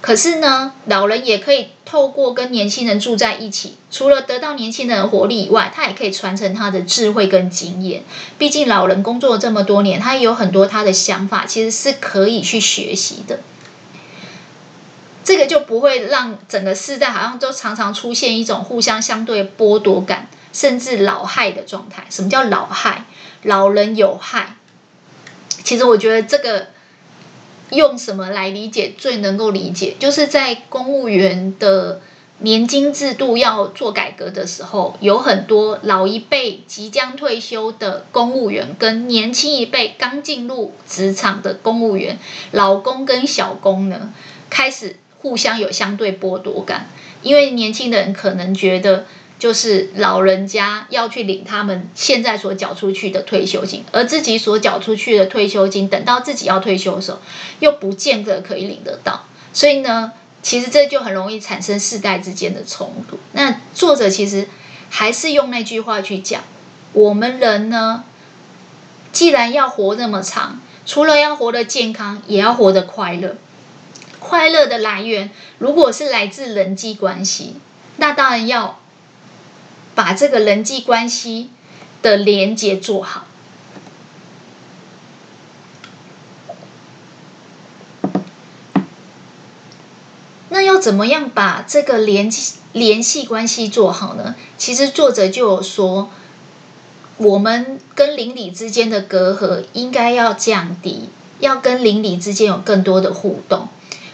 可是呢，老人也可以透過跟年輕人住在一起，除了得到年輕人的活力以外，他也可以傳承他的智慧跟經驗。畢竟老人工作了這麼多年，他也有很多他的想法，其實是可以去學習的。這個就不會讓整個世代好像都常常出現一種互相相對剝奪感，甚至老害的狀態。什麼叫老害？老人有害？其實我覺得這個。用什麼來理解最能夠理解？就是在公務員的年金制度要做改革的時候，有很多老一輩即將退休的公務員，跟年輕一輩剛進入職場的公務員，老公跟小公呢，開始互相有相對剝奪感，因為年輕人可能覺得。就是老人家要去領他們現在所繳出去的退休金，而自己所繳出去的退休金，等到自己要退休的時候，又不見得可以領得到。所以呢，其實這就很容易產生世代之間的衝突。那作者其實還是用那句話去講：我們人呢，既然要活那麼長，除了要活得健康，也要活得快樂。快樂的來源，如果是來自人際關係，那當然要。把這個人際關係的連接做好。那要怎麼樣把這個聯繫聯繫關係做好呢？其實作者就有說，我們跟鄰里之間的隔閡應該要降低，要跟鄰里之間有更多的互動，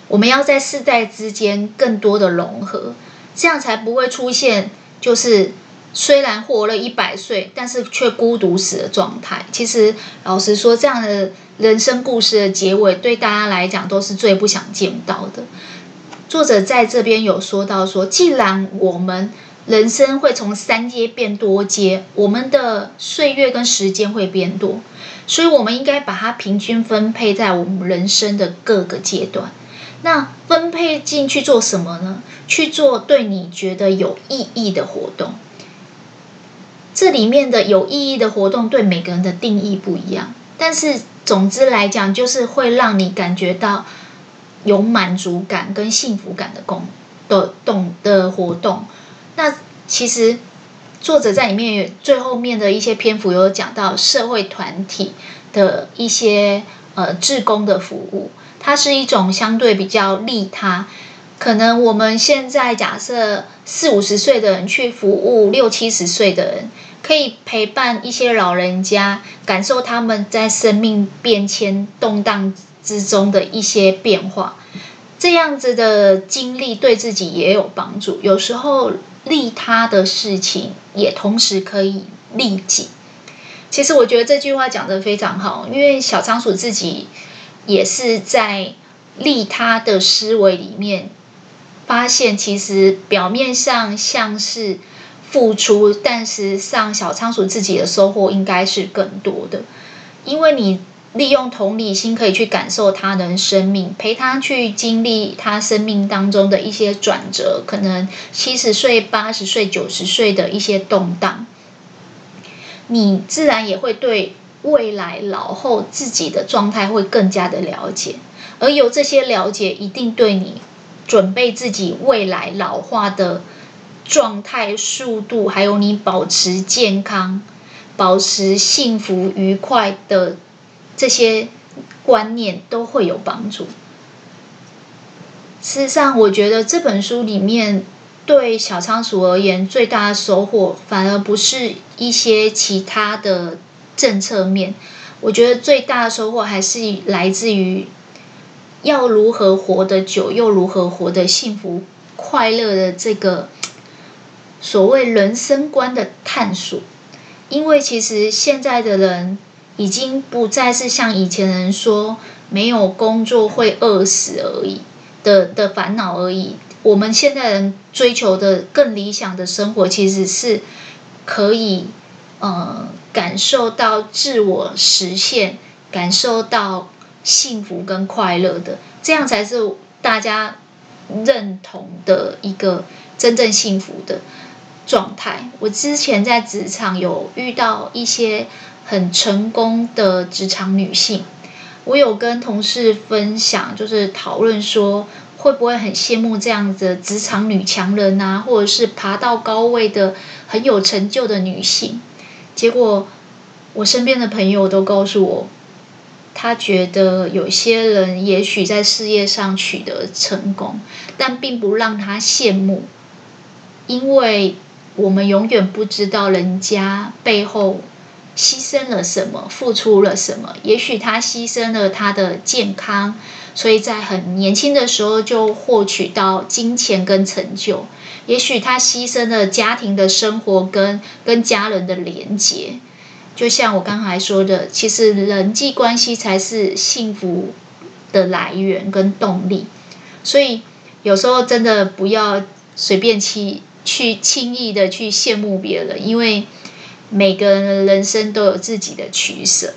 我們要在世代之間更多的融合，這樣才不會出現就是。雖然活了一百歲，但是卻孤獨死的狀態。其實，老實說，這樣的人生故事的結尾，對大家來講都是最不想見到的。作者在這邊有說到說，既然我們人生會從三階變多階，我們的歲月跟時間會變多，所以我們應該把它平均分配在我們人生的各個階段。那分配進去做什麼呢？去做對你覺得有意義的活動。這裡面的有意義的活動，對每個人的定義不一樣，但是總之來講，就是會讓你感覺到有滿足感跟幸福感的工的動的活動。那其實作者在裡面最後面的一些篇幅，有講到社會團體的一些呃志工的服務，它是一種相對比較利他。可能我們現在假設四五十歲的人去服務六七十歲的人。可以陪伴一些老人家，感受他們在生命變遷動盪之中的一些變化。這樣子的經歷對自己也有幫助。有時候利他的事情也同時可以利己。其實我覺得這句話講得非常好，因為小倉鼠自己也是在利他的思維裡面發現，其實表面上像是。付出，但實際上小倉鼠自己的收穫應該是更多的，因為你利用同理心可以去感受他的生命，陪他去經歷他生命當中的一些轉折，可能七十歲、八十歲、九十歲的一些動盪，你自然也會對未來老後自己的狀態會更加的了解，而有這些了解，一定對你準備自己未來老化的。狀態、速度，還有你保持健康、保持幸福、愉快的這些觀念都會有幫助。事實上，我覺得這本書裡面對小倉鼠而言，最大的收穫反而不是一些其他的政策面。我覺得最大的收穫還是來自於要如何活得久，又如何活得幸福快樂的這個。所謂人生觀的探索，因為其實現在的人已經不再是像以前人說沒有工作會餓死而已的的煩惱而已。我們現在人追求的更理想的生活，其實是可以呃感受到自我實現，感受到幸福跟快樂的。這樣才是大家認同的一個真正幸福的。狀態。我之前在職場有遇到一些很成功的職場女性，我有跟同事分享，就是討論說會不會很羨慕這樣子職場女強人啊，或者是爬到高位的很有成就的女性。結果我身邊的朋友都告訴我，他覺得有些人也許在事業上取得成功，但並不讓他羨慕，因為。我們永遠不知道人家背後犧牲了什麼，付出了什麼。也許他犧牲了他的健康，所以在很年輕的時候就獲取到金錢跟成就。也許他犧牲了家庭的生活跟跟家人的連結。就像我剛才說的，其實人際關係才是幸福的來源跟動力。所以有時候真的不要隨便去。去輕易的去羨慕別人，因為每個人的人生都有自己的取捨。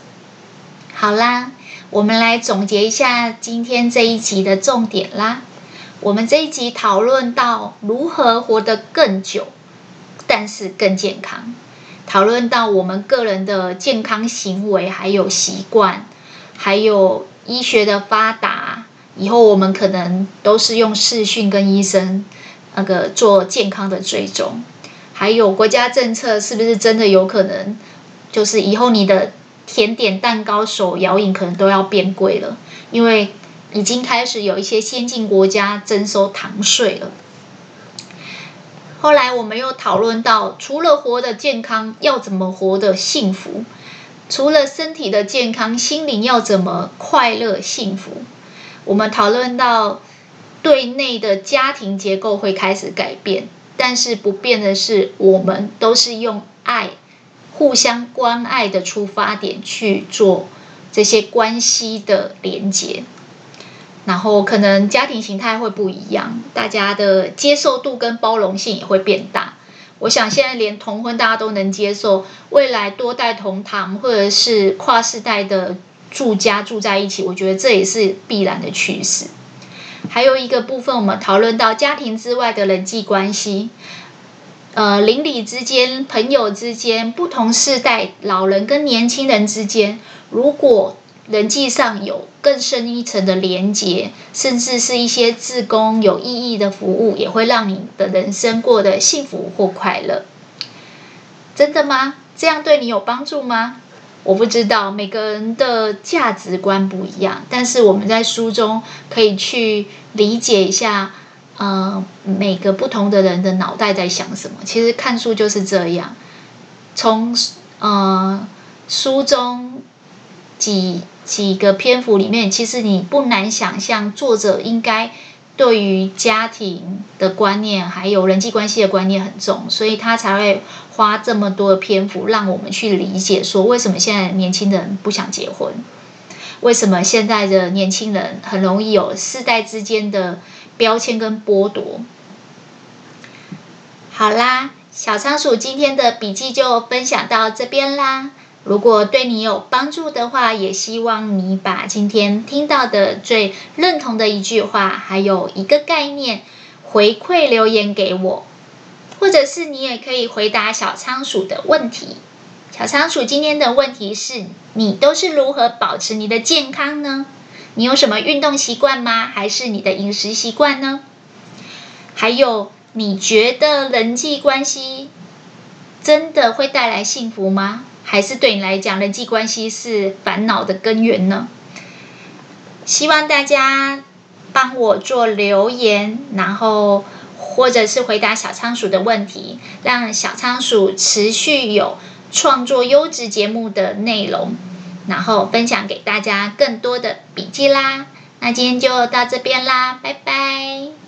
好啦，我們來總結一下今天這一集的重點啦。我們這一集討論到如何活得更久，但是更健康。討論到我們個人的健康行為，還有習慣，還有醫學的發達，以後我們可能都是用視訊跟醫生那個做健康的追蹤，還有國家政策是不是真的有可能？就是以後你的甜點、蛋糕、手搖飲可能都要變貴了，因為已經開始有一些先進國家徵收糖稅了。後來我們又討論到，除了活得健康，要怎麼活得幸福？除了身體的健康，心靈要怎麼快樂幸福？我們討論到。對內的家庭結構會開始改變，但是不變的是，我們都是用愛互相關愛的出發點去做這些關係的連接。然後，可能家庭形態會不一樣，大家的接受度跟包容性也會變大。我想，現在連同婚大家都能接受，未來多代同堂或者是跨世代的住家住在一起，我覺得這也是必然的趨勢。還有一個部分，我們討論到家庭之外的人際關係，呃，鄰里之間、朋友之間、不同世代、老人跟年輕人之間，如果人際上有更深一層的連結，甚至是一些志工有意義的服務，也會讓你的人生過得幸福或快樂。真的嗎？這樣對你有幫助嗎？我不知道，每個人的價值觀不一樣，但是我們在書中可以去理解一下，嗯、呃，每個不同的人的腦袋在想什麼。其實看書就是這樣，從嗯、呃，書中幾幾個篇幅裡面，其實你不難想象作者應該。對於家庭的觀念，還有人際關係的觀念很重，所以他才會花這麼多的篇幅讓我們去理解，說為什麼現在年輕人不想結婚，為什麼現在的年輕人很容易有世代之間的標籤跟剝奪。好啦，小倉鼠今天的筆記就分享到這邊啦。如果對你有幫助的話，也希望你把今天聽到的最認同的一句話，還有一個概念，回饋留言給我，或者是你也可以回答小倉鼠的問題。小倉鼠今天的問題是：你都是如何保持你的健康呢？你有什麼運動習慣嗎？還是你的飲食習慣呢？還有，你覺得人際關係真的會帶來幸福嗎？還是對你來講，人際關係是煩惱的根源呢？希望大家幫我做留言，然後或者是回答小倉鼠的問題，讓小倉鼠持續有創作優質節目的內容，然後分享給大家更多的筆記啦。那今天就到這邊啦，拜拜。